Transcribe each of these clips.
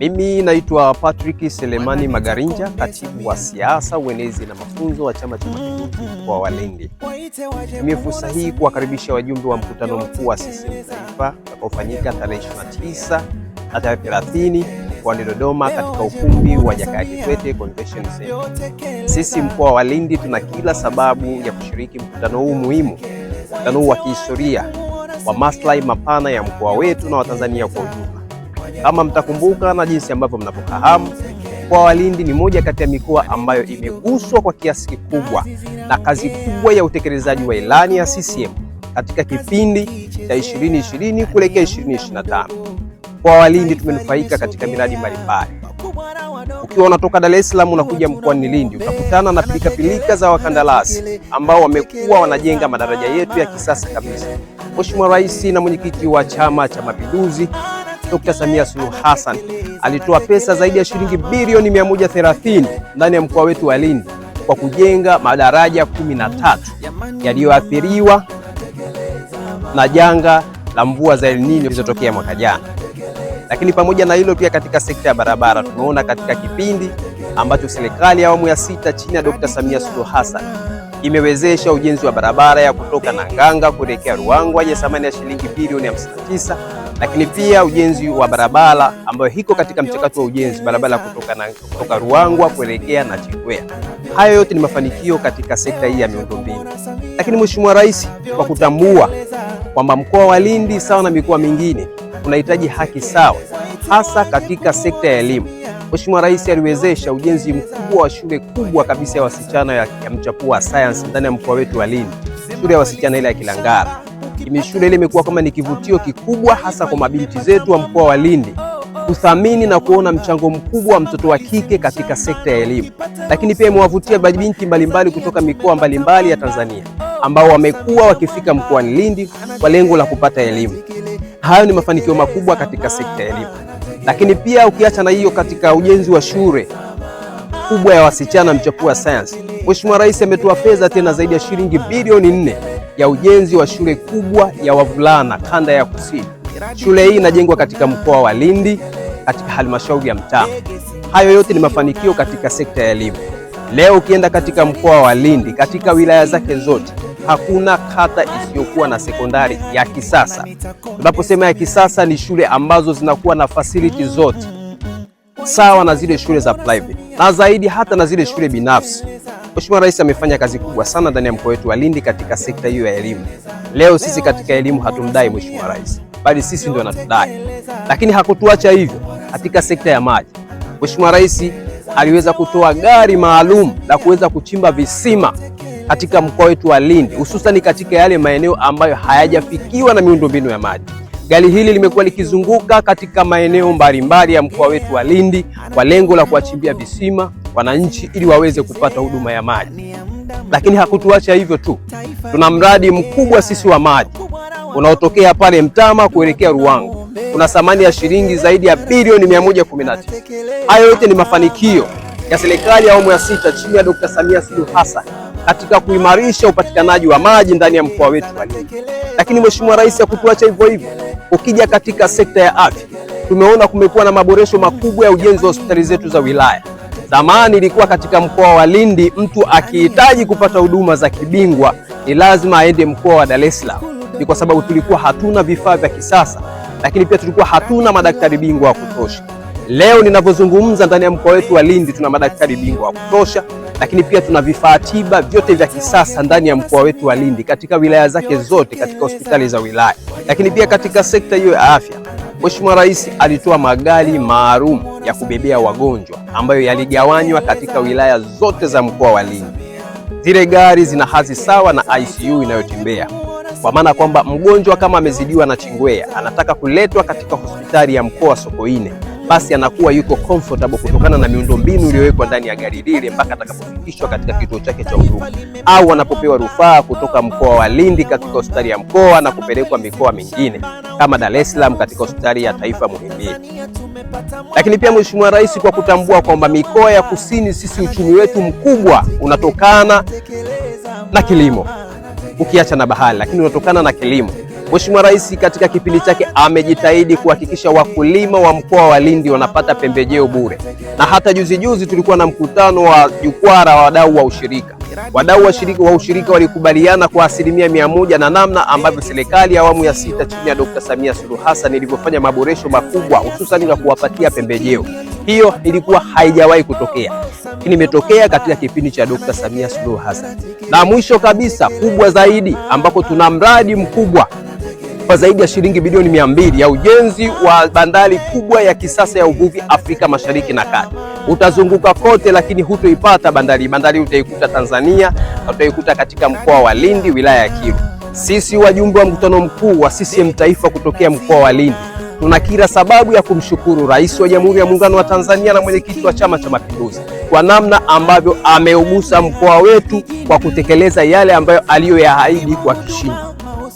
Mimi naitwa Patrick Selemani Magarinja, katibu wa siasa, uenezi na mafunzo wa Chama cha Mapinduzi mkoa wa Lindi. Nitumie fursa hii kuwakaribisha wajumbe wa mkutano mkuu wa CCM Taifa utakaofanyika tarehe 29 na tarehe 30 mkoani Dodoma katika ukumbi wa Jakaya Kikwete Convention Center. Sisi mkoa wa Lindi tuna kila sababu ya kushiriki mkutano huu muhimu, mkutano huu wa kihistoria wa maslahi mapana ya mkoa wetu na Watanzania kwa ujumla kama mtakumbuka na jinsi ambavyo mnavyofahamu mkoa Lindi ni moja kati ya mikoa ambayo imeguswa kwa kiasi kikubwa na kazi kubwa ya utekelezaji wa ilani ya CCM katika kipindi cha 2020 kuelekea 2025. Mkoa Lindi tumenufaika katika miradi mbalimbali. Ukiwa unatoka Dar es Salaam unakuja mkoani Lindi utakutana na pilikapilika za wakandarasi ambao wamekuwa wanajenga madaraja yetu ya kisasa kabisa. Mheshimiwa Rais na mwenyekiti wa Chama cha Mapinduzi Dr. Samia Suluhu Hassan alitoa pesa zaidi ya shilingi bilioni 130 ndani ya mkoa wetu wa Lindi kwa kujenga madaraja 13 yaliyoathiriwa na janga la mvua za El Nino zilizotokea mwaka jana. Lakini pamoja na hilo, pia katika sekta ya barabara tumeona katika kipindi ambacho serikali ya awamu ya sita chini ya Dr. Samia Suluhu Hassan imewezesha ujenzi wa barabara ya kutoka Nanganga kuelekea Ruangwa yenye thamani ya shilingi bilioni 59 lakini pia ujenzi wa barabara ambayo iko katika mchakato wa ujenzi, barabara kutoka, na, kutoka Ruangwa kuelekea na Chikwea. Hayo yote ni mafanikio katika sekta hii ya miundombinu. Lakini Mheshimiwa Rais kwa kutambua kwamba mkoa wa Lindi sawa na mikoa mingine unahitaji haki sawa, hasa katika sekta ya elimu, Mheshimiwa Rais aliwezesha ujenzi mkubwa wa shule kubwa kabisa ya wasichana ya, ya mchapua wa sayansi ndani ya mkoa wetu wa Lindi, shule ya wasichana ile ya Kilangara Shule ile imekuwa kama ni kivutio kikubwa hasa kwa mabinti zetu wa mkoa wa Lindi kuthamini na kuona mchango mkubwa wa mtoto wa kike katika sekta ya elimu, lakini pia imewavutia mabinti mbalimbali kutoka mikoa mbalimbali ya Tanzania ambao wamekuwa wakifika mkoani Lindi kwa lengo la kupata elimu. Hayo ni mafanikio makubwa katika sekta ya elimu, lakini pia ukiacha na hiyo, katika ujenzi wa shule kubwa ya wasichana mchapua sayansi, Mheshimiwa Rais ametoa fedha tena zaidi ya shilingi bilioni nne ya ujenzi wa shule kubwa ya wavulana kanda ya kusini. Shule hii inajengwa katika mkoa wa Lindi katika halmashauri ya Mtama. Hayo yote ni mafanikio katika sekta ya elimu. Leo ukienda katika mkoa wa Lindi katika wilaya zake zote hakuna kata isiyokuwa na sekondari ya kisasa. Tunaposema ya kisasa ni shule ambazo zinakuwa na fasiliti zote sawa na zile shule za private na zaidi hata na zile shule binafsi. Mheshimiwa Rais amefanya kazi kubwa sana ndani ya mkoa wetu wa Lindi katika sekta hiyo ya elimu. Leo sisi katika elimu hatumdai Mheshimiwa Rais, bali sisi ndio anatudai, lakini hakutuacha hivyo. Katika sekta ya maji, Mheshimiwa Rais aliweza kutoa gari maalum la kuweza kuchimba visima katika mkoa wetu wa Lindi, hususani katika yale maeneo ambayo hayajafikiwa na miundombinu ya maji. Gari hili limekuwa likizunguka katika maeneo mbalimbali ya mkoa wetu wa Lindi kwa lengo la kuwachimbia visima wananchi ili waweze kupata huduma ya maji, lakini hakutuacha hivyo tu. Tuna mradi mkubwa sisi wa maji unaotokea pale Mtama kuelekea Ruangu, kuna thamani ya shilingi zaidi ya bilioni 119. Hayo yote ni mafanikio ya serikali ya awamu ya sita chini ya Dr. Samia Suluhu Hassan katika kuimarisha upatikanaji wa maji ndani ya mkoa wetu wa Lindi. Lakini Mheshimiwa Rais hakutuacha hivyo hivyo. Ukija katika sekta ya afya, tumeona kumekuwa na maboresho makubwa ya ujenzi wa hospitali zetu za wilaya. Zamani ilikuwa katika mkoa wa Lindi, mtu akihitaji kupata huduma za kibingwa ni lazima aende mkoa wa Dar es Salaam. Ni kwa sababu tulikuwa hatuna vifaa vya kisasa, lakini pia tulikuwa hatuna madaktari bingwa wa kutosha. Leo ninavyozungumza, ndani ya mkoa wetu wa Lindi tuna madaktari bingwa wa kutosha lakini pia tuna vifaa tiba vyote vya kisasa ndani ya mkoa wetu wa Lindi katika wilaya zake zote katika hospitali za wilaya. Lakini pia katika sekta hiyo ya afya, Mheshimiwa Rais alitoa magari maalum ya kubebea wagonjwa ambayo yaligawanywa katika wilaya zote za mkoa wa Lindi. Zile gari zina hadhi sawa na ICU inayotembea kwa maana kwamba mgonjwa kama amezidiwa na chingwea anataka kuletwa katika hospitali ya mkoa Sokoine basi anakuwa yuko comfortable kutokana na miundombinu iliyowekwa ndani ya gari lile mpaka atakapofikishwa katika kituo chake cha huduma, au anapopewa rufaa kutoka mkoa wa Lindi katika hospitali ya mkoa na kupelekwa mikoa mingine kama Dar es Salaam katika hospitali ya taifa Muhimbili. Lakini pia Mheshimiwa Rais kwa kutambua kwamba mikoa ya kusini, sisi uchumi wetu mkubwa unatokana na kilimo, ukiacha na bahari, lakini unatokana na kilimo. Mheshimiwa Rais katika kipindi chake amejitahidi kuhakikisha wakulima wa mkoa wa Lindi wanapata pembejeo bure, na hata juzi juzi tulikuwa na mkutano wa jukwaa la wadau wa ushirika. Wadau wa ushirika walikubaliana kwa asilimia mia moja na namna ambavyo serikali ya awamu ya sita chini ya Dr. Samia Suluhu Hassan ilivyofanya maboresho makubwa hususani na kuwapatia pembejeo. Hiyo ilikuwa haijawahi kutokea, lakini imetokea katika kipindi cha Dr. Samia Suluhu Hassan. Na mwisho kabisa, kubwa zaidi, ambako tuna mradi mkubwa kwa zaidi ya shilingi bilioni mia mbili ya ujenzi wa bandari kubwa ya kisasa ya uvuvi Afrika Mashariki na Kati. Utazunguka kote, lakini hutoipata bandari. Bandari utaikuta Tanzania na utaikuta katika mkoa wa Lindi, wilaya ya Kivu. Sisi wajumbe wa mkutano mkuu wa CCM Taifa kutokea mkoa wa Lindi tuna kila sababu ya kumshukuru Rais wa Jamhuri ya Muungano wa Tanzania na mwenyekiti wa Chama cha Mapinduzi kwa namna ambavyo ameugusa mkoa wetu kwa kutekeleza yale ambayo aliyoyaahidi kwa kishindo.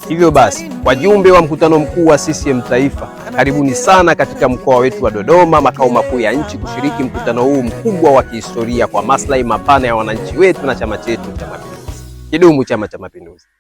Hivyo basi, wajumbe wa mkutano mkuu wa CCM Taifa, karibuni sana katika mkoa wetu wa Dodoma, makao makuu ya nchi, kushiriki mkutano huu mkubwa wa kihistoria kwa maslahi mapana ya wananchi wetu na chama chetu cha Mapinduzi. Kidumu Chama cha Mapinduzi!